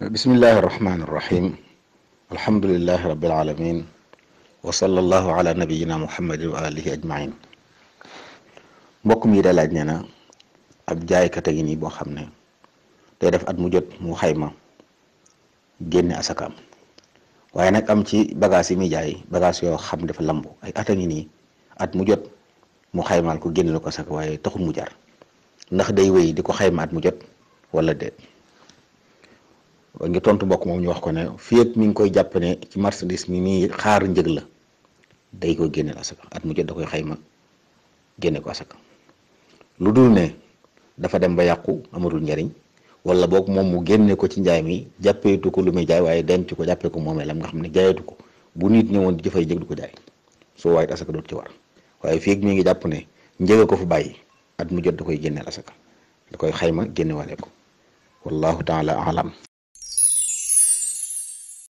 bismillahi irrahmani irrahim alhamdulilahi rabbil alamin wa sallallahu ala nabiyina muhammadin wa alihi ajmain mbokk mi laaj ne na ab jaaykata gi nii boo xam ne day def at mu jot mu xayma génne asakaam waaye nag am ci bagage yi muy jaay bagage yoo xam dafa lamb ay at a at mu jot mu xaymaal ko génne la ko asaka waaye taxul mu jar ndax day wéy di ko xayma at mu jot wala déet ngi tontu mbokk moom ñu wax ko ne fii ak mi ngi koy jàpp ne ci marchandise mi muy xaar njëg la day ko génneel asaka at mu jot da koy xayma génne ko lu dul ne dafa dem ba yàqu amatul njariñ wala boog moom mu génne ko ci njaay mi jàppeetu ko lu muy jaay waaye denc ko jàppee ko moomeelam nga xam ne jaayetu ko bu nit ñëwoon di jëfay njëg du ko jaay soo waaye asaka dootu ci war fii ak mi ngi jàpp ne njëge ko fu bàyyi at mu jot da koy génneel asaka da koy xayma génne waale ko wallahu taala alam